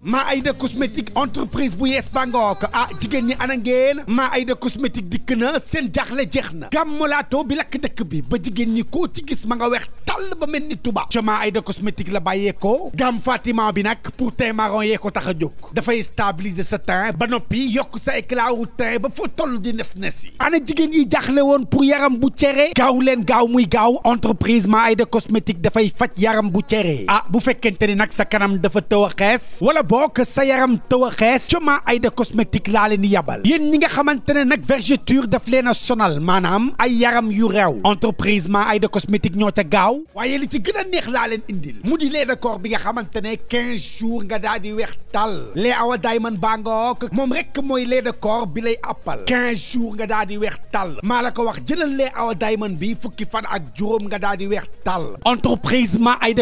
maa ay da cosmétique entreprise bu yees bangook ah jigéen ñi ana ngeen maa ay da cosmétique dikk na seen jaaxle jeex na gàmmu laato bi lakk dëkk bi ba jigéen ñi koo ci gis ma nga weex tàll ba mel ni tubaab ca maa ay da cosmétique la bàyyee ko gamme Fatima bi nag pour teint marron yee ko tax a jóg dafay stabiliser sa teint ba noppi yokk sa éclat ou teint ba foo toll di nes nes yi ana jigéen yi jaaxle woon pour yaram bu cere gaaw leen gaaw muy gaaw entreprise maa ay da cosmétique dafay faj yaram bu cere ah bu fekkente ni nag sa kanam dafa tëw a xees bokk sa yaram taw a xees coma ay da cosmétique laa leen di yabal yéen ñi nga xamante ne nag vergeture daf leen a sonal maanaam ay yaram yu reew entreprise ma ay da cosmétique ñoo ca gaaw waaye li ci gën a neex laa leen indil mu di lait de corps bi nga xamante ne quinze jours nga daal di weex tal lait awa diamond baa nga wok moom rek mooy lee de corps bi lay appal quinze jours nga daal di weex tal maa la ko wax jëlal lait awa man bi fukki fan ak juróom nga daal di weex tal entreprise ma ay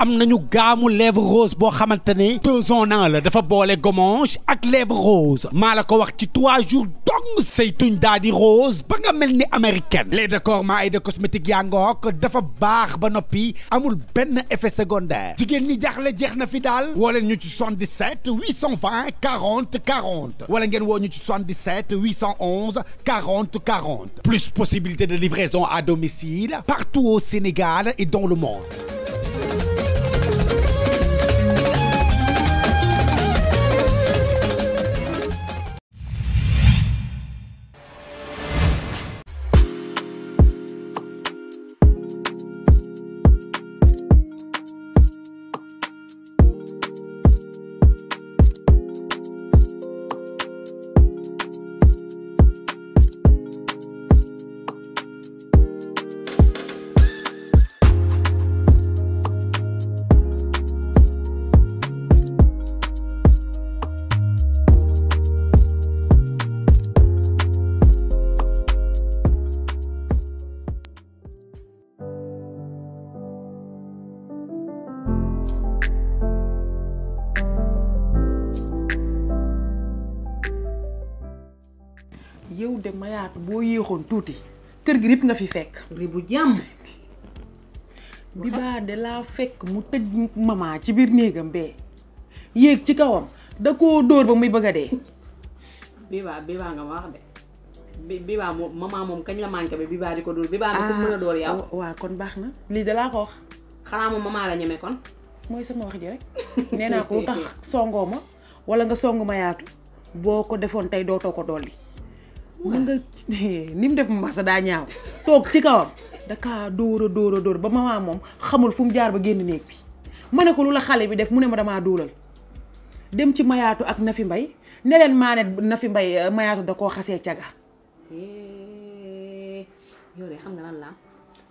am nañu gaamu lèvre rose boo sonant la dafa bolé gomonche ak lèvres rose malako wax ci trois jours dong say tuñ di rose ba nga melni américaine les décor et de cosmétiques yaa ngook dafa bax ba nopi amul ben effet secondaire jigen ni jaxlé jexna fi dal woo ñu ci 77 820 40 40 wala ngeen woo ñu ci 77 811 40 40 plus possibilité de livraison à domicile partout au Sénégal et dans le monde yow de mayaatu boo yéexoon tuuti kër gi rip nga fi fekk. ribu jàmm. bi baa de laa fekk mu tëj mama ci biir néegam be yéeg ci kawam da koo dóor ba muy bëgg a dee. bi ma wax de. bi bi baa ba ko dóor bi baa ni ko mën a dóor yow. Ah, waaw kon baax na lii da ko wax. mooy sama wax ji rek. nee naa ko lu tax songoo ma wala nga songu ma yaatu boo ko defoon tey dootoo ko dolli. mën nga ni mu def Massa daa ñaaw toog ci kawam dakaa dóor a dóor dóor ba maman moom xamul fu mu jaar ba génn néeg bi ma ne ko lu la xale bi def mu ne ma damaa duulal dem ci mayaatu ak Nafi Mbay ne leen maa Nafi Mbay euh, mayaatu da koo xasee caga. xam nga lan la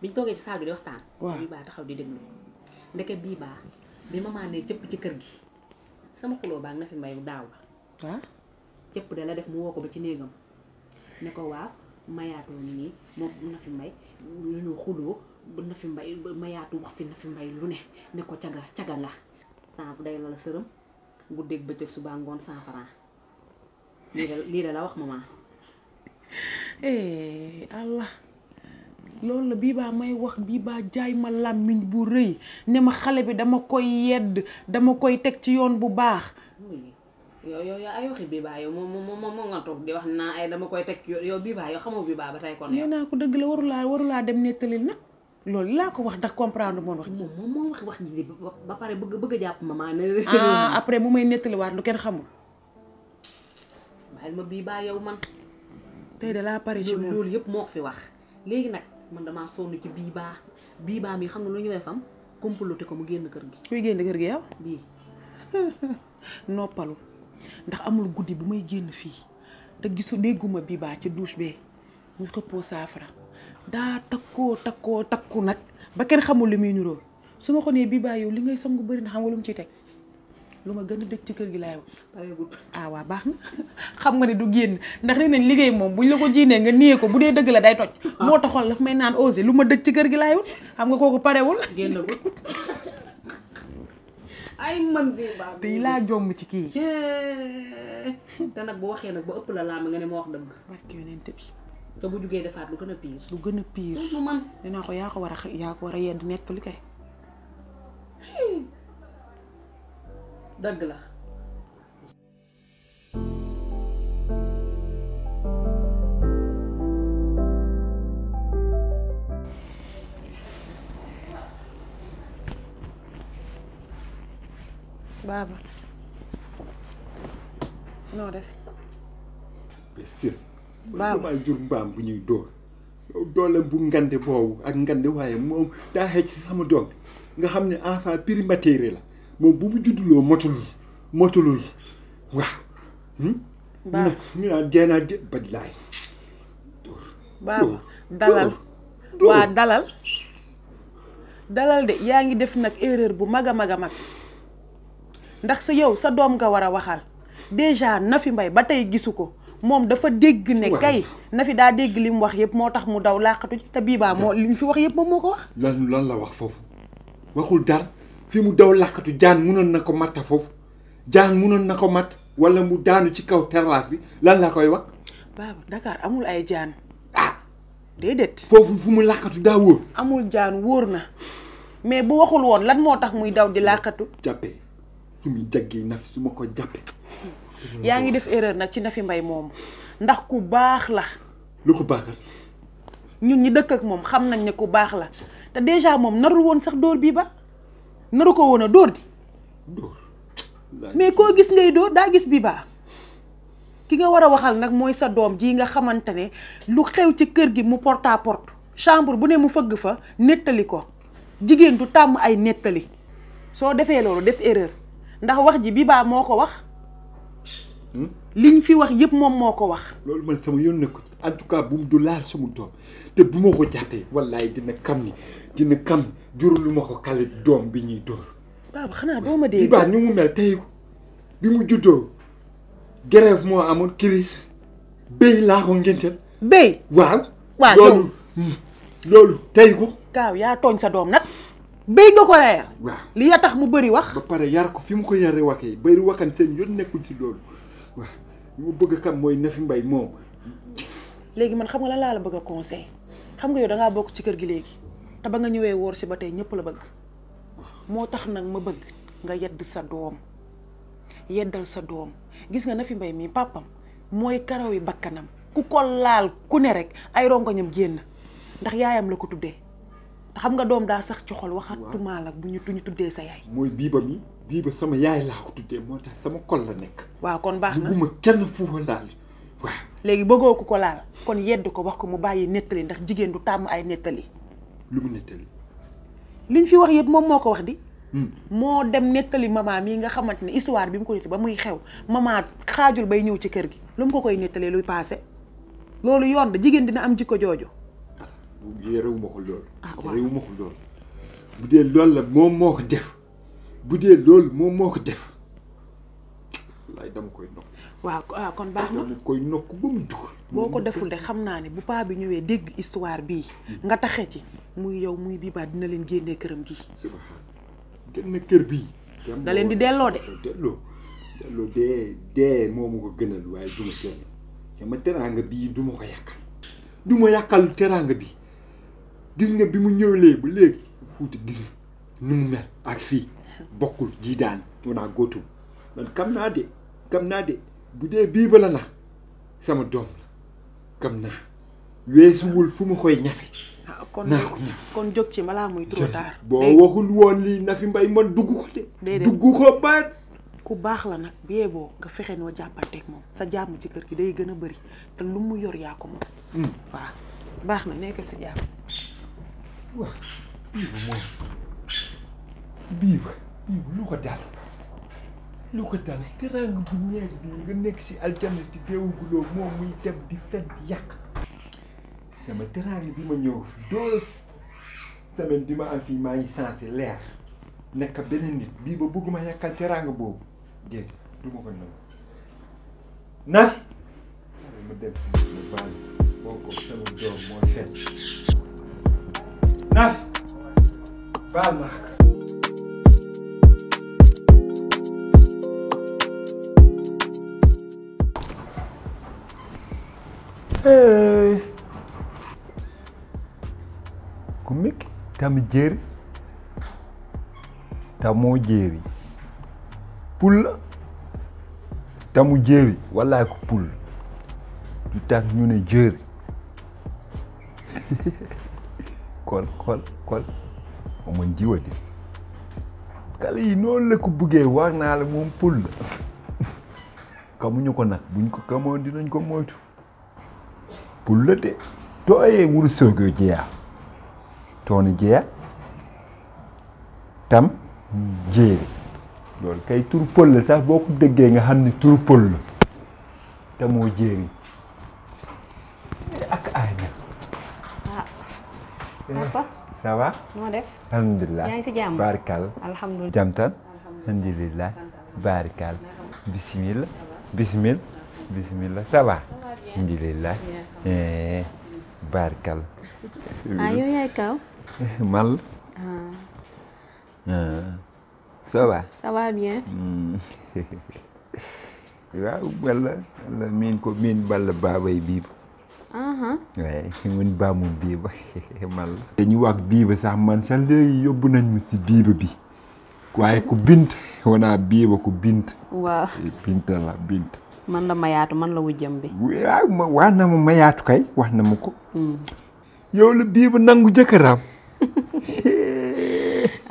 biñ toogee ci salle bi di waxtaan. waaw bii baa taxaw di déglu ndeke bii baa bi maman ne cëpp ci kër gi sama xuloo baa Nafi Mbay daaw la. cëpp da la def mu woo ko ba ci néegam. ne ko waaw mayaatoo ni nii moom na fi mbay lu ñu xuloo na fi mbay mayaatu wax fi na fi mbay lu ne ne ko caga caga nga sanf day la la sërëm guddeeg bëccëg suba ngoon cent franc lii de lii de la wax maman eh, allah loolu la bii baa may wax bii baa jaay ma làmmiñ bu rëy ne ma xale bi dama koy yedd dama koy teg ci yoon bu baax yow yow yow ay waxi Biba yow moom moom moom nga toog di wax naa ay dama koy teg yow Biba yow xamoo Biba ba tey kon. nee naa ko dëgg la warulaa warulaa dem nettalil nag loolu laa ko wax ndax comprendre moom wax. moom moom moo wax wax ji ba pare bëgg bëgg a jàpp maman ne. ah après mu may nettaliwaat lu kenn xamul. bàyyil ma Biba yow man. tey de laa pare ci moom loolu yëpp moo ko fi wax. léegi nag man damaa sonn ci Biba Biba mi xam nga lu ñu koy fam comploté ko mu génn kër gi. kuy génn kër gi yow. bii noppalu. ndax amul guddi bu may génn fii te gisu dégguma bi baa ci duus bee ñu xëppoo saafara daa takkoo takkoo takku nag ba kenn xamul lu muy niróo su ma ko nee bi baa yow li ngay sangu bari na xam nga lu mu ciy teg lu ma gën a ci kër gi laay wax ah waa baax na xam nga ne du génn ndax nee nañ liggéey moom buñ la ko jiinee nga niyee ko bu dee dëgg la day toj ah. moo taxoon daf may naan osé lu ma dëj ci kër gi laay wut xam nga kooku parewul génnagul ay man bi baa te yi laa jomm ci kii te nag bu waxee nag ba ëpp la laa laama nga ne ma wax dëgg barke yonent bi te bu jugee defaat lu gën a pire lu gën a pire su dinaa ko yaa ko war a yaa ko war a yedd nekk li kay dëgg la waaw damaa bu ñuy dóor doole bu ngande boobu ak ngande waaye moom daa xëcc sama doom nga xam ne enfant prématuré la moom bu mu judduloo motulul motulul waaw. Hmm? dalal waa dalal. dalal de yaa ngi def nag erreur bu mag a mag a mag ndax sa yow sa doom nga war a waxal déjà Nafi Mbaye ba tey gisu ko. moom dafa dégg ne kay na fi daa dégg li mu wax yëpp moo tax mu daw làqatu ci te biibaa moo li mu fi wax yëpp moom moo ko wax loolu loolu la wax foofu waxul dara fi mu daw làqatu jaan munoon na ko matta foofu jaan munoon na ko matt wala mu daanu ci kaw terrasse bi lan la koy wax baaba Dakar amul ay jaan ah déedéet foofu fu mu làqatu daa wóor amul jaan wóor na mais bu waxul woon lan moo tax muy daw di làqatu jàppe su muy jaggee naf su ma ko jàppe yaa ngi def erreur nag ci Nafi Mbay moomu ndax ku baax la. lu ñun ñi dëkk ak moom xam nañ ne ku baax la te déjà moom narul woon sax dóor bii ba naru ko woona dóor di. dóor mais koo gis ngay dóor daa gis bii ki nga war a waxal nag mooy sa doom ji nga xamante ne lu xew ci kër gi mu porte à chambre bu ne mu fëgg fa nettali ko jigéen du tàmm ay nettali soo defee loolu def erreur ndax wax ji bii moo ko wax. li hmm? liñ fi wax yépp moom moo ko wax. loolu man sama yoon nekku ci en bu mu du laal sama doom te bu ma ko jàppee wallaay dina kam ni dina kam lu ma ko kale doom bi ñuy dóor. baaba xanaa doo ma dee. baax ni ko bi mu juddoo grève moo amoon crise béy laa ko ngenteel. béy waaw. waaw loolu loolu tey ko. kaaw yaa tooñ sa doom nag. béy nga ko reer. waaw li ya tax mu bari wax. ba pare yar ko fi mu ko yaree waxee bëri waxan seen yoon nekkul si loolu. waaw bëgg xam mooy Nafi Mbaye moom. léegi man xam nga la laa la bëgg a conseil xam nga yow da bokk ci kër gi léegi te ba nga ñëwee woor si ba tey ñëpp la bëgg moo tax nag ma bëgg nga yedd sa doom yeddal sa doom gis nga Nafi mbay mii pàppam mooy karaw yi bakkanam ku ko laal ku ne rek ay rongoñam génn ndax yaayam la ko tuddee. xam nga doom daa sax ci xol waxatuma la bu ñu tuddee sa yaay. mooy biiba mi biiba sama yaay laa ko tuddee moo tax sama xol la nekk. waaw kon baax na bugguma kenn fu léegi bëggoo ko ko laal kon yedd ko wax ko mu bàyyi nettali ndax jigéen du tàmm ay nettali. lu mu nettali. liñ wax yëpp moom moo ko wax di. Hmm. moo dem nettali maman mii nga xamante ne histoire bi mu ko nettali ba muy xew maman xaajul bay ñëw ci kër gi. lu mu ko koy nettalee luy paase. loolu yoon da jigéen dina am jikko jooju. yarewuma ko loolu yarewuma ko loolu bu dee loolu ah, la moom moo ko def bu dee loolu moom moo ko def wallaay dama koy nokk waaw ah, kon baax na dama koy boo ko deful de xam naa ni bu paa bi ñëwee dégg histoire bi hmm. nga taxe ci muy yow muy bii dina leen génnee këram gi subhanallah génn kër bii da leen di delloo de delloo delloo dee dee moomu ko gënal waaye duma kenn sama teraanga bii duma ko yàqal duma yàqal teraanga bi gis nga bi mu ñëwlee bu léegi Fouta gis ni mu mel ak fii bokkul jii daan mun naa góotum man kam naa de kam naa de bu dee bii ba la na sama doom la kam naa weesuwul fu mu koy ñafe ah, naa ko ñaf kon jóg ci balaa muy trop boo waxul woon lii na fi mbay man dugg ko de dugg ko baat ku baax la nag bee boo nga fexe noo jàppanteeg moom sa jàmm ci kër gi day gën a bari te lu mu yor yaa ko moom hmm. baax na nekk si jàmm waaw biibu moom biibu biibu lu ko dal lu ko dal teraanga bu ñeer bi nga nekk ci aljana di deewuguloo moom muy dem di fen yàq sama teraanga bi ma ñëw fi deux semaines ma am fii maa ngi sensé leer nekk beneen nit bii ba bëgguma yàkkal teraanga boobu dégg du ko nangu naas ma dem si ma baal boo ko sama doom mooy fen Nafi. Vamos. Hey. Kumik tam jeri tamo Jerry, pull, tamu Jerry, wala ko pull du tax ñu ne jeri xool xool xool moom jiwadi kale yi noonu la buggee war naa la moom pël la xamuñu ko nag buñ ko xamoon dinañ ko moytu pël la de tooyee wuru soogoo jeeya tooni jeeya tam jéeri loolu kay tur pël la sax boo ko déggee nga xam ne tur pël la tamoo jéeri Kenapa? Ça va? noo def. alhamdulilah barkal. Alhamdulillah. jàmm tan. alhamdulilah. barkal. bismillah. bismillah. bismillah ça Alhamdulillah. Eh, barkal. Ayo ya kau. Eh, mal. ça ah. eh, va. ça va hmm. ya, bien. waaw Balla. Balla miin ko miin Balla baabay bii. waaye man baamu biiba man la. dañuy wax biiba sax man sax léegi yóbbu nañ ma si biiba bi waaye ku bint wanaa biiba ku bint. waaw la bint. man la mayaatu man la wujjam bi. waaw ma wax mayaatu kay wax na ma ko. Hmm. yow la biiba nangu jëkkëram.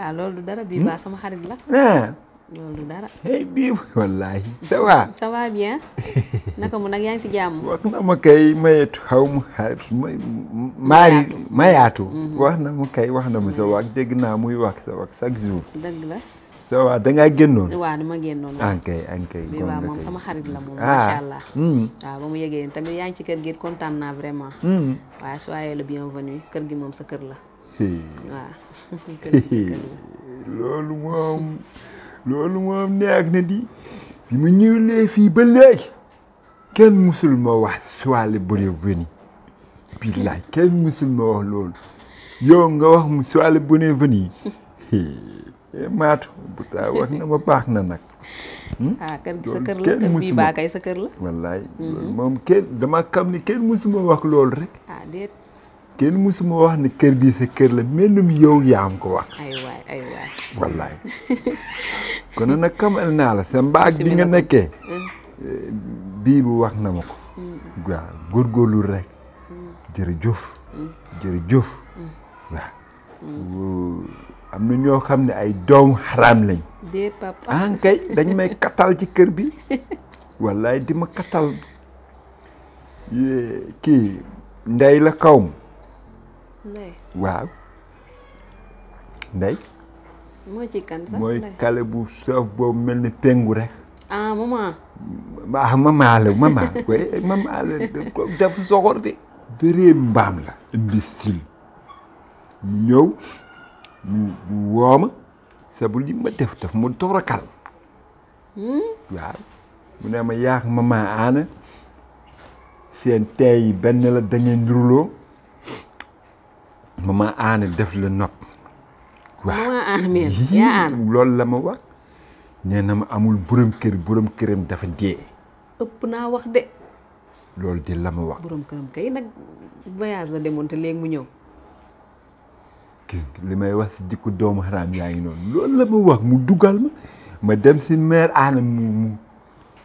ah loolu dara biiba sama xarit la. Hmm. loolu dara. hey bii wallaahi. ça va bien. naka mu nag yaa ngi si jàmm. wax na ma kay mayetu xaw ma ma maari mhm. wax na ma kay wax na ma sa mhm. wax dégg naa muy wax sa wax chaque jour. dëgg la. ça va da ngaa génnoon. waaw dama génnoon. ankay ah, ankay ah, bi waaw moom sama xarit la ah, hmm. mu yëgee tamit yaa ngi ci kër gi kontaan naa vraiment. Hmm. waaw kër gi moom la. sa kër la. loolu moom. loolu moom neex na di bi mu ñëwlee fii ba léegi kenn musul ma wax Sois le bienvenu billaay kenn musul ma wax loolu yow nga wax mu Sois le bienvenu maatu bu taa wax na ma baax na nag. Hmm? ah kër gi sa kër la kër bii loolu mhm. moom kenn dama xam ni kenn musuma wax loolu rek. Ah, kenn mësuma wax ne kër gi sa kër la melum yow yaa am ko wax. ay waay ay waay. wallaay kon nag xamal naa la sa mbaag bi nga nekkee. Mm. Eh, bii bu wax na ma ko. Mm. waaw góorgóorlu rek. juf mm. jër waaw. am na ñoo xam ne ay doomu xaraam lañ. déet papa ah, dañ may kattal ci kër bi. wallaay di ma kattal. kii ndey la kaw Ndeye waaw. mooy kale bu soof boobu mel ni pengu rek. ah maman. ah maman la maman koy maman la dafa soxor de. véré mbaam la. indi sil ñëw mu wooma sabu li ma def daf mu torakal waaw mu ne ma yaax maman aana seen tey benn la da ngeen ruloo ma maman Anne def la nopp. waaw lool la ma wax. nee na ma amul borom kër borom këram dafa dee. ëpp naa wax de. loolu di la ma wax. borom këram kay nag voyage la demoon te léegi mu ñëw. li may wax si jikko doomu xaraam yaa ngi noonu loolu la ma wax mu dugal ma ma dem si mère Anne mu mu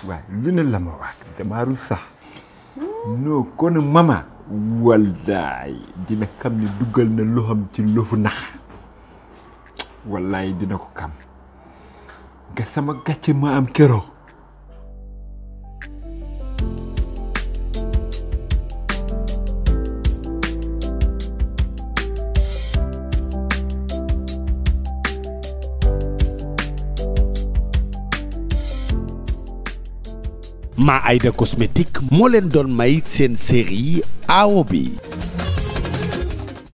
waaye lu ne la ma wax damaa rus sax. Hmm. non kon mama. wallaay dina xam ni duggal na loxam ci lofu nax wallaay dina ko xam nga sama gàcce ma am keroo maa Aïda cosmétique moo leen doon may seen série awo bi